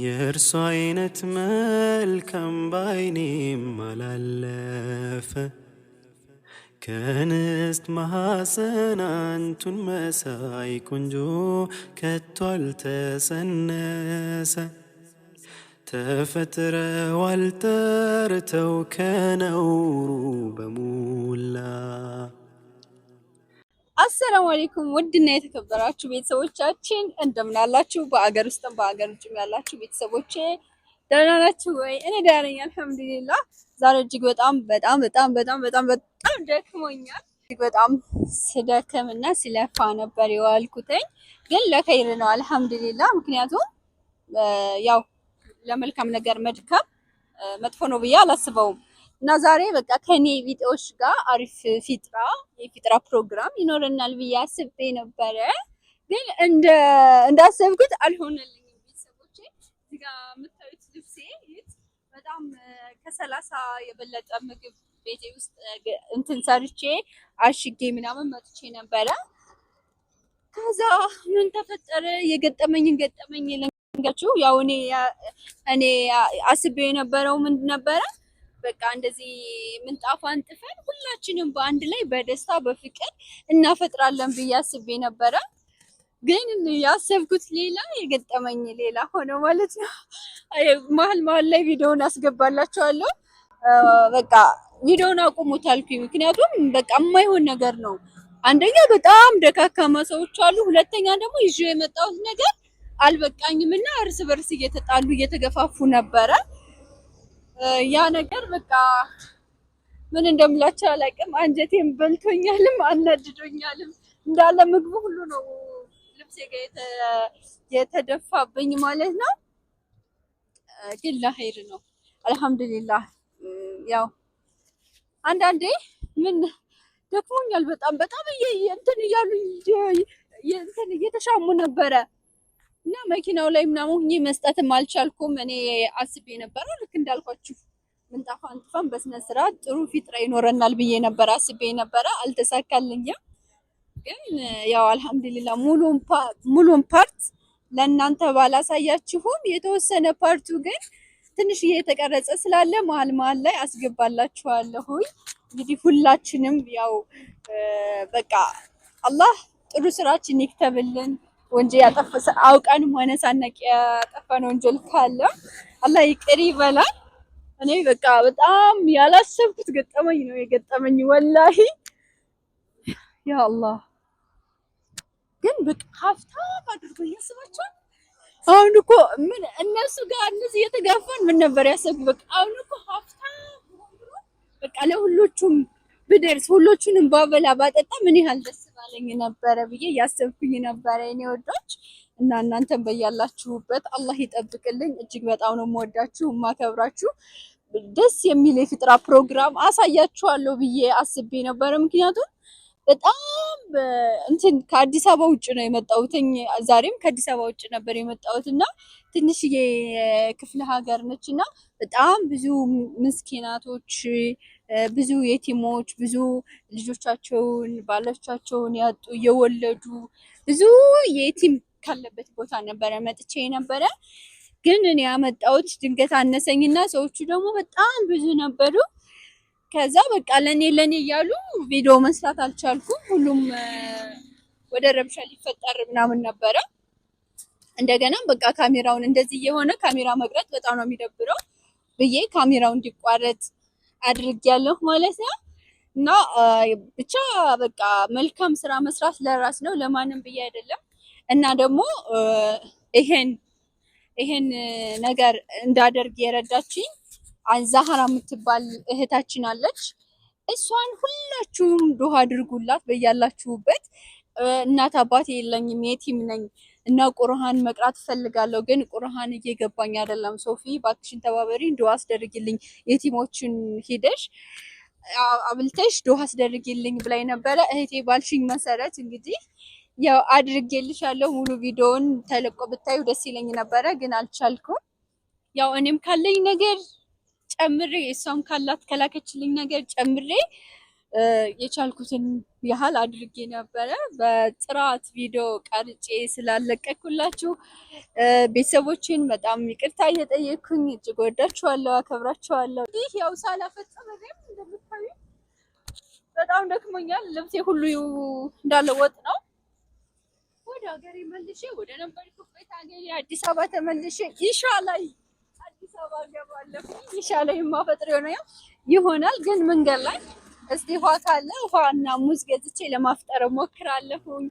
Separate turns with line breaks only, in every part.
የእርሱ አይነት መልካም ባይኔ አላለፈ። ከንስት ማኅፀን አንቱን መሳይ ቆንጆ ከቶ አልተጸነሰ። ተፈጥረዋል ጠርተው ከነውሩ በሙላ
አሰላሙ አሌይኩም ውድና የተከበራችሁ ቤተሰቦቻችን እንደምን አላችሁ? በአገር ውስጥም በአገር ውጭም ያላችሁ ቤተሰቦቼ ደህና ናችሁ ወይ? እኔ ደህና ነኝ አልሐምዱሊላህ። ዛሬ እጅግ በጣም በጣም በጣም በጣም በጣም በጣም ደክሞኛል። እጅግ በጣም ስደክምና ስለፋ ነበር የዋልኩተኝ፣ ግን ለከይር ነው አልሐምዱሊላህ። ምክንያቱም ያው ለመልካም ነገር መድከም መጥፎ ነው ብዬ አላስበውም። እና ዛሬ በቃ ከኔ ቪዲዮዎች ጋር አሪፍ ፊጥራ የፊጥራ ፕሮግራም ይኖረናል ብዬ አስቤ ነበረ፣ ግን እንደ እንዳሰብኩት አልሆነልኝም። ቤተሰቦች ምታዩት ጋ የምታዩት ልብሴ በጣም ከሰላሳ የበለጠ ምግብ ቤቴ ውስጥ እንትን ሰርቼ አሽጌ ምናምን መጥቼ ነበረ። ከዛ ምን ተፈጠረ? የገጠመኝን ገጠመኝ ልንገራችሁ። ያው እኔ እኔ የነበረው ምንድ ነበረ በቃ እንደዚህ ምንጣፍ አንጥፈን ሁላችንም በአንድ ላይ በደስታ በፍቅር እናፈጥራለን ብዬ አስቤ ነበረ። ግን ያሰብኩት ሌላ የገጠመኝ ሌላ ሆነ ማለት ነው። መሀል መሀል ላይ ቪዲዮውን አስገባላችኋለሁ። በቃ ቪዲዮውን አቁሙት ምክንያቱም በቃ የማይሆን ነገር ነው። አንደኛ በጣም ደካካማ ሰዎች አሉ። ሁለተኛ ደግሞ ይዤ የመጣሁት ነገር አልበቃኝም እና እርስ በርስ እየተጣሉ እየተገፋፉ ነበረ። ያ ነገር በቃ ምን እንደምላቸው አላውቅም። አንጀቴም በልቶኛልም አናድዶኛልም። እንዳለ ምግቡ ሁሉ ነው ልብሴ ጋር የተደፋብኝ ማለት ነው። ግን ለኸይር ነው አልሐምዱሊላህ። ያው አንዳንዴ ምን ደክሞኛል በጣም በጣም እንትን እያሉ እንትን እየተሻሙ ነበረ እና መኪናው ላይ ምናምን ሁኜ መስጠትም አልቻልኩም። እኔ አስቤ ነበረ ልክ እንዳልኳችሁ ምንጣፍ አንጥፈን በስነ ስርዓት ጥሩ ፊጥራ ይኖረናል ብዬ ነበረ አስቤ ነበረ፣ አልተሳካልኝም። ግን ያው አልሐምዱሊላ ሙሉን ፓርት ለእናንተ ባላሳያችሁም የተወሰነ ፓርቱ ግን ትንሽዬ የተቀረጸ ስላለ መሀል መሀል ላይ አስገባላችኋለሁኝ። እንግዲህ ሁላችንም ያው በቃ አላህ ጥሩ ስራችን ይክተብልን። ወንጀል ያጠፈሰ አውቀንም ሆነ ሳናቅ ያጠፋን ወንጀል ካለ አላህ ይቅር ይበላል። እኔ በቃ በጣም ያላሰብኩት ገጠመኝ ነው የገጠመኝ። ወላሂ ያ አላህ ግን በቃ ሀብታም አድርጎ እያስባቸዋል። አሁን እኮ ምን እነሱ ጋር እነዚህ እየተጋፋን ምን ነበር ያሰብኩት? በቃ አሁን እኮ ሀብታም በቃ ለሁሎቹም ብደርስ ሁሎቹንም ባበላ ባጠጣ ምን ያህል ደስ ባለኝ ነበረ ብዬ እያሰብኩኝ ነበረ የኔ ወዶች እና እናንተን በያላችሁበት አላህ ይጠብቅልኝ። እጅግ በጣም ነው የምወዳችሁ የማከብራችሁ። ደስ የሚል የፍጥራ ፕሮግራም አሳያችኋለሁ ብዬ አስቤ ነበረ ምክንያቱም በጣም እንትን ከአዲስ አበባ ውጭ ነው የመጣሁትኝ። ዛሬም ከአዲስ አበባ ውጭ ነበር የመጣሁት እና ትንሽዬ ክፍለ ሀገር ነች እና በጣም ብዙ ምስኪናቶች፣ ብዙ የቲሞች፣ ብዙ ልጆቻቸውን ባሎቻቸውን ያጡ የወለዱ ብዙ የቲም ካለበት ቦታ ነበረ መጥቼ ነበረ። ግን እኔ ያመጣሁት ድንገት አነሰኝና ሰዎቹ ደግሞ በጣም ብዙ ነበሩ። ከዛ በቃ ለኔ ለኔ እያሉ ቪዲዮ መስራት አልቻልኩም። ሁሉም ወደ ረብሻ ሊፈጠር ምናምን ነበረ። እንደገናም በቃ ካሜራውን እንደዚህ የሆነ ካሜራ መቅረጥ በጣም ነው የሚደብረው ብዬ ካሜራው እንዲቋረጥ አድርጌያለሁ ማለት ነው። እና ብቻ በቃ መልካም ስራ መስራት ለራስ ነው ለማንም ብዬ አይደለም። እና ደግሞ ይሄን ይሄን ነገር እንዳደርግ የረዳችኝ አዛሃራ የምትባል እህታችን አለች። እሷን ሁላችሁም ዱሃ አድርጉላት በያላችሁበት። እናት አባት የለኝም የቲም ነኝ እና ቁርሃን መቅራት እፈልጋለሁ፣ ግን ቁርሃን እየገባኝ አይደለም። ሶፊ ባክሽን ተባበሪ ዱዓ አስደርግልኝ። የቲሞችን ሂደሽ አብልተሽ ዱሃ አስደርግልኝ ብላኝ ነበረ እህቴ። ባልሽኝ መሰረት እንግዲህ ያው ያለው ሙሉ ቪዲዮውን ተለቆ ብታዩ ደስ ይለኝ ነበረ፣ ግን አልቻልኩም። ያው እኔም ካለኝ ነገር ጨምሬ እሷም ካላት ከላከችልኝ ነገር ጨምሬ የቻልኩትን ያህል አድርጌ ነበረ። በጥራት ቪዲዮ ቀርጬ ስላለቀኩላችሁ ቤተሰቦችን በጣም ይቅርታ እየጠየኩኝ እጅግ ወዳችኋለሁ፣ አከብራችኋለሁ። ይህ ያው ሳላፈጸመ እንደምታዩ በጣም ደክሞኛል። ልብሴ ሁሉ እንዳለ ወጥ ነው። ወደ ሀገሬ መልሼ ወደ ነበርኩበት ሀገሬ አዲስ አበባ ተመልሼ ኢንሻላህ ይሻለኝ የማፈጥር የሆነ ይሆናል ግን መንገድ ላይ እስቲ ውሃ ካለ ውሃና ሙዝ ገዝቼ ለማፍጠር ሞክራለሁኝ።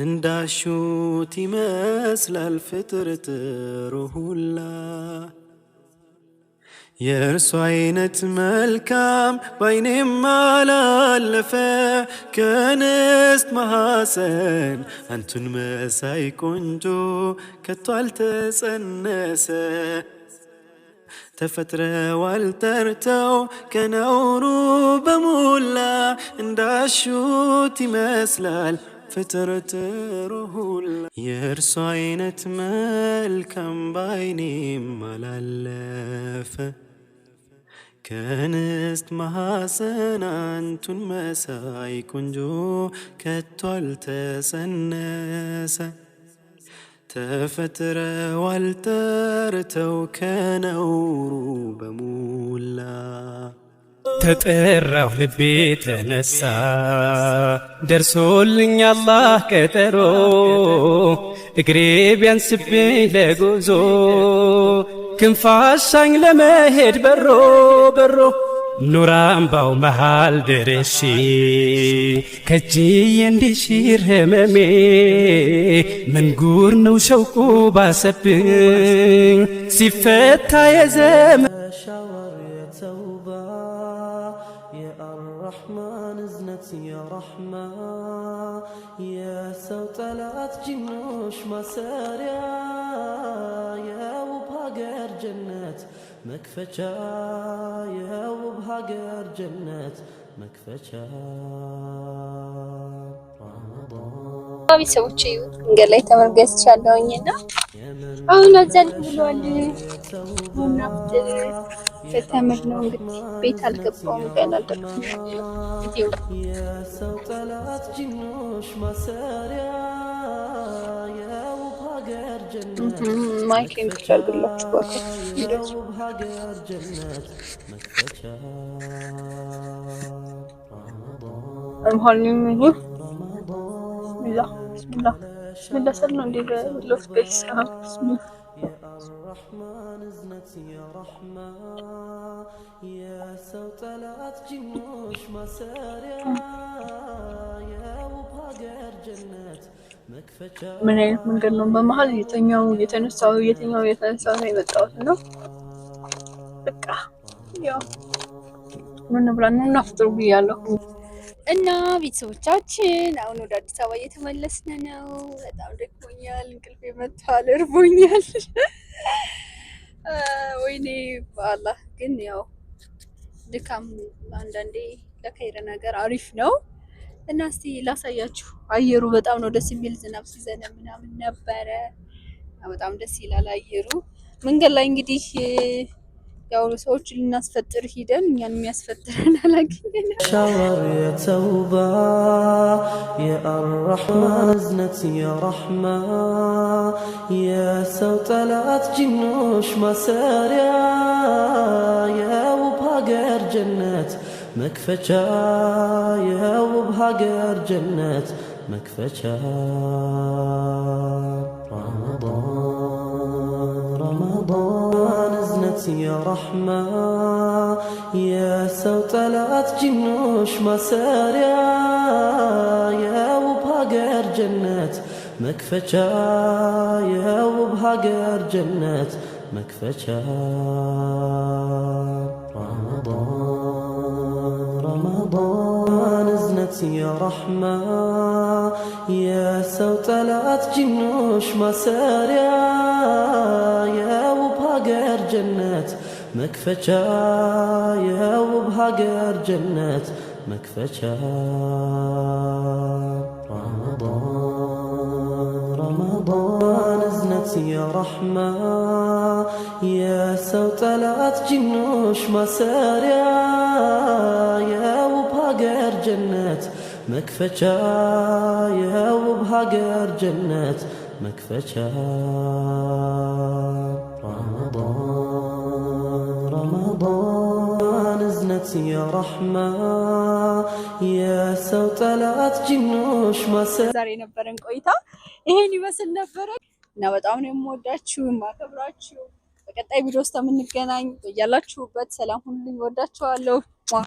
እንዳሹት ይመስላል ፍጥር ጥሩ ሁላ የእርሱ አይነት መልካም በአይኔም አላለፈ ከንስት ማሐፀን አንቱን መሳይ ቆንጆ ከቶ አልተጸነሰ። ተፈጥረዋል ተርተው ከነውሩ በሞላ እንዳሹት ይመስላል ፍጥርጥሩ ሁላ የእርሱ አይነት መልካም ባይኔም አላለፈ ከንስት ማሐሰን አንቱን መሳይ ቆንጆ ከቶ አልተሰነሰ ተፈጥረዋል ተርተው ከነውሩ በሞላ ተጠራሁ ልቤ ተነሳ ደርሶልኝ አላህ ቀጠሮ እግሬ ቢያንስብኝ ለጉዞ ክንፋሻኝ ለመሄድ በሮ በሮ ኑራ አምባው መሃል ደረሽ ከጂ እንዲሽር ህመሜ ምንጉር ነው ሸውቁ ባሰብ ሲፈታ የዘመ ሻወር የተውባ የአራሕማን እዝነት የራሕማ የሰው ጠላት ጅኖች ማሰሪያ የውብ ሀገር ጀነት መክፈቻ የውብ ሀገር ጀነት መክፈቻ
ቤተሰቦች መንገድ ላይ አሁን አዘን ብሏል። ነው እንግዲህ ቤት አልገባውም ገና ሰው ጠላት ማሰሪያ ማይኬን ክፍት አድርግላችሁ ባካችሁ። ምን አይነት መንገድ ነው? በመሀል የተኛው የተነሳው የተኛው የተነሳው ነው የመጣሁት ነው። በቃ ያው ምን ብላ እናፍጥሩ ብያለሁ። እና ቤተሰቦቻችን አሁን ወደ አዲስ አበባ እየተመለስን ነው። በጣም ደክሞኛል፣ እንቅልፍ መጥቷል፣ እርቦኛል። ወይኔ በአላህ ግን ያው ድካም አንዳንዴ ለከይረ ነገር አሪፍ ነው። እና እስቲ ላሳያችሁ። አየሩ በጣም ነው ደስ የሚል። ዝናብ ሲዘነ ምናምን ነበረ። በጣም ደስ ይላል አየሩ። መንገድ ላይ እንግዲህ ያው ሰዎች ልናስፈጥር ሂደን እኛን የሚያስፈጥረን
አላገኘን። ሻወር የተውባ እዝነት የሰው ጠላት ጅኖች ማሰሪያ የውብ ሀገር ጀነት መክፈቻዬ وبها قر جنة መክፈቻ رمضان رمضان نزلت يا رحمة يا سوتلات جنوش مساريا يا وبهاجر جنات مكفتشا يا قر جنة مكفتشا رمضان رمضان نزلت يا رحمة يا سوت لا جنوش مساريا يا وبها غير جنات مكفشا يا وبها غير جنات مكفشا رمضان رمضان نزلت يا رحمة يا سوت لا جنوش مساريا يا ሀገር ጀነት መክፈቻ የውብ ሀገር ጀነት መክፈቻ ረመዳን እዝነት የረሕማ የሰው ጠላት ጅኖች ማሰ
ዛሬ የነበረን ቆይታ ይሄን ይመስል ነበረ እና በጣም ነው የምወዳችሁ የማከብራችሁ። በቀጣይ ቪዲዮ ውስጥ የምንገናኝ ያላችሁበት ሰላም ሁሉ ይወዳችኋለሁ።